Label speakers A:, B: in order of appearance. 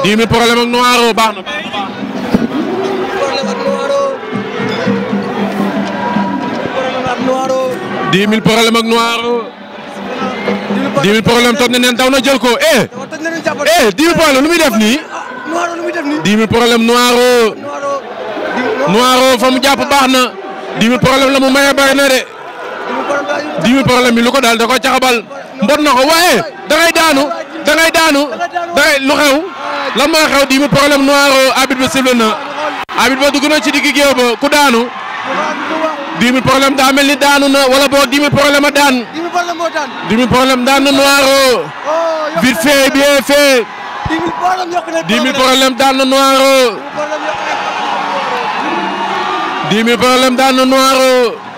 A: 10 000 problème ak Noiro baax na. problème Noiro. problème ak Noiro. 10 000 na neen daw na jël ko eh. eh 10 lu muy def nii. Noiro lu Noiro. Noiro fa mu jàpp baax na. 10 000 la mu maye bari na de. 10 000 ko daal da ko caxabal. mbot na ko waaye da daanu da daanu da ngay xew. lan moo xew di mu problème noiro arbitre bi na arbitre ba dugg na ci digg géew ba ku daanu dix mille problème ni daanu na wala boo dix mille a daan na noiro vite fait bien fait dix mille problème daan na noiro oh, dix